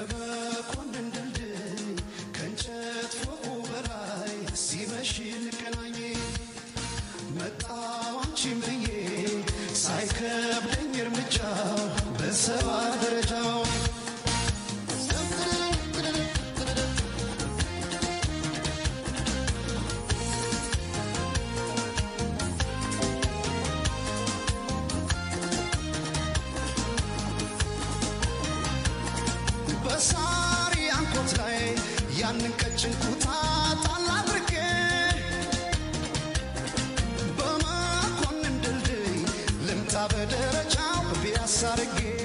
ከመኮንን ድልድይ ከእንጨት ፎቁ በላይ ሲመሽ እንገናኝ መጣው አንቺን ብዬ ሳይከብደኝ እርምጃ በሰባት ደረጃው ከሳሪ አንኮት ላይ ያንን ቀጭን ኩታ ጣል አድርጌ በመኮንን ድልድይ በደረጃው ቢያሳርጌ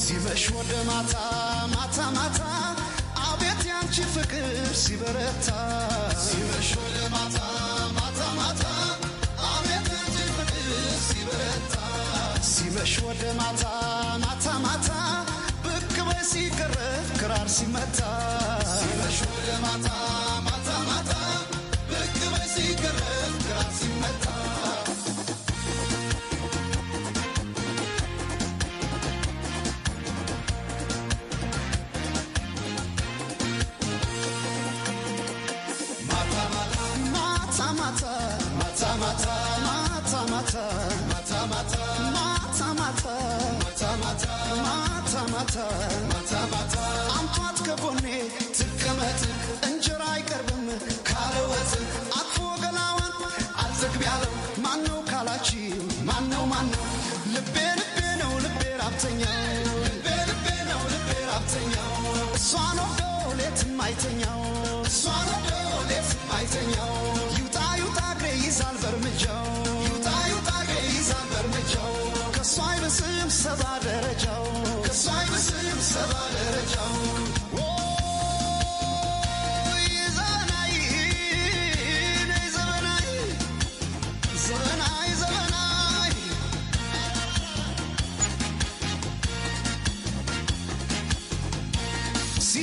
ሲመሽ ወደ ማታ ማታ ማታ አቤት ያንቺ ፍቅር ሲበረታ ሲመሽ ወደ ማታ ማታ ማታ አቤት ያንቺ ፍቅር ሲበረታ ሲመሽ ወደ ማታ ማታ ማታ ብቅ በይ ሲቀረብ ክራር ሲመታ ሲመሽ ወደ ማታ ማታ ማታ ማታ አምጧት ከጎኔ ትቀመጥ እንጀራ አይቀርብም ካለወጥ አጥፎ ገላዋን አልዘግብ ያለው ልቤ ልቤ ነው ልቤ ራብተኛው ልቤ ልቤ ነው ልቤ ራብተኛው እሷ ነው ማይተኛው እሷ ነው ማይተኛው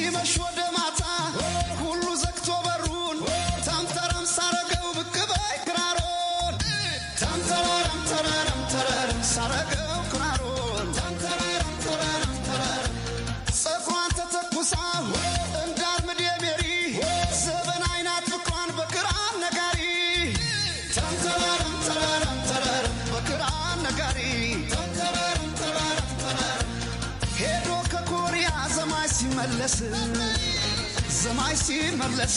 你们说的吗 ሲመለስ ሰማይ ሲመለስ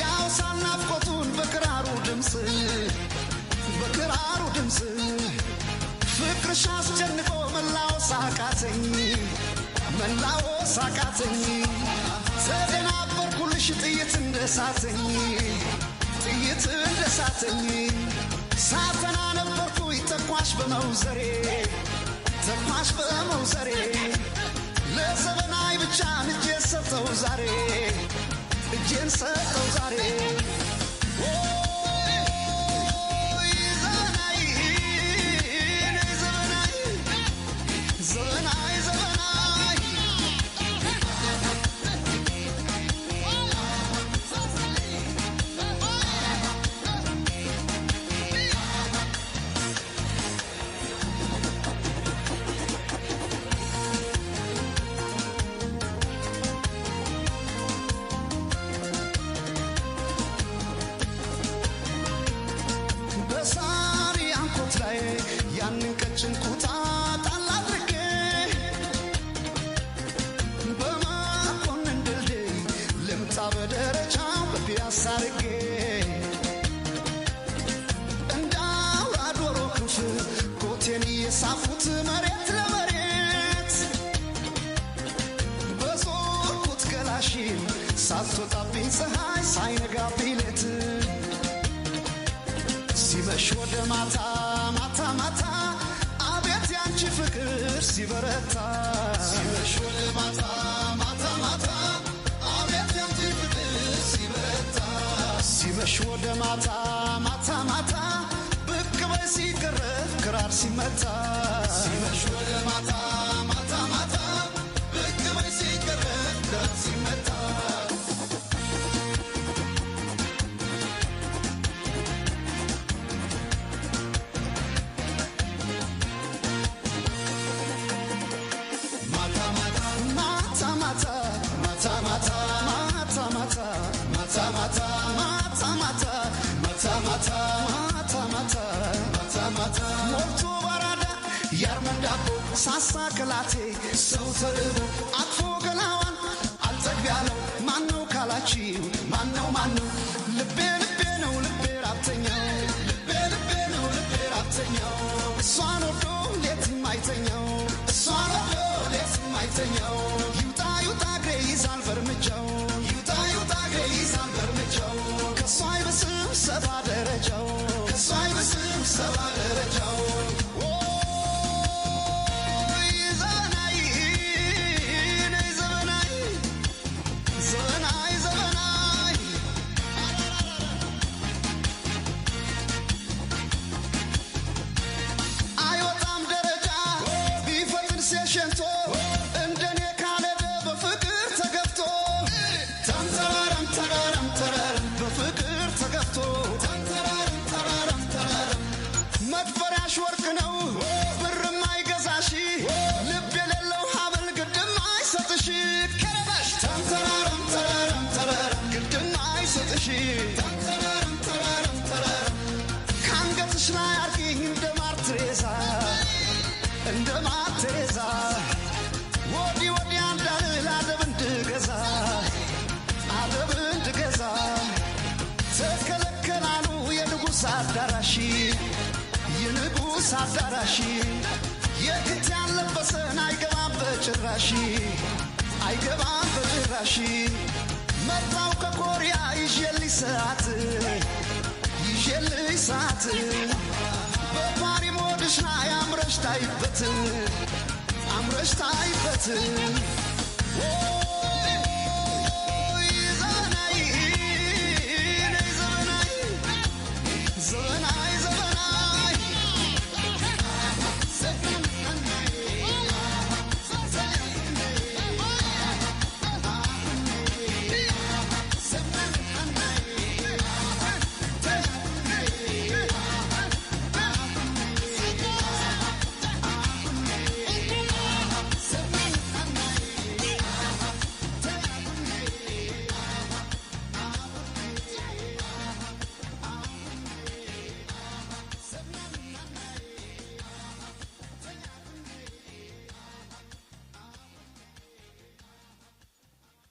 ያውሳል ናፍቆቱን በክራሩ ድምፅ በክራሩ ድምፅ ፍቅርሽ አስጨንቆ መላወስ አቃተኝ መላወስ አቃተኝ ተደናበርኩልሽ ጥይት እንደሳተኝ ጥይት እንደሳተኝ ሳተና ነበርኩ ተኳሽ በመውዘሬ ተኳሽ በመውዘሬ ሳትወጣብኝ ፀሐይ ሳይነጋብኝ ሌት ሲመሽ ወደ ማታ ማታ ማታ አቤት ያንቺ ፍቅር ሲበረታ ሲመሽ ወደ ማታ ማታ ማታ አቤት ያንቺ ፍቅር ሲበረታ ሲመሽ ወደ ማታ ማታ ማታ ብቅ በይ ሲገረፍ ክራር ሲመታ ሲመሽ ወደ ማታ ሞልቶ በራዳ ያርመን ሳሳ ከላቴ ሰው ተርቦ አዳራሽ የግድ ያለበሰን አይገባም በጭራሽ አይገባም በጭራሽ መጣው ከኮሪያ ይዤልሽ ሰዓት ይዤልሽ ሰዓት በፓሪ ሞድሽ ላይ አምረሽ ታይበት አምረሽ ታይበት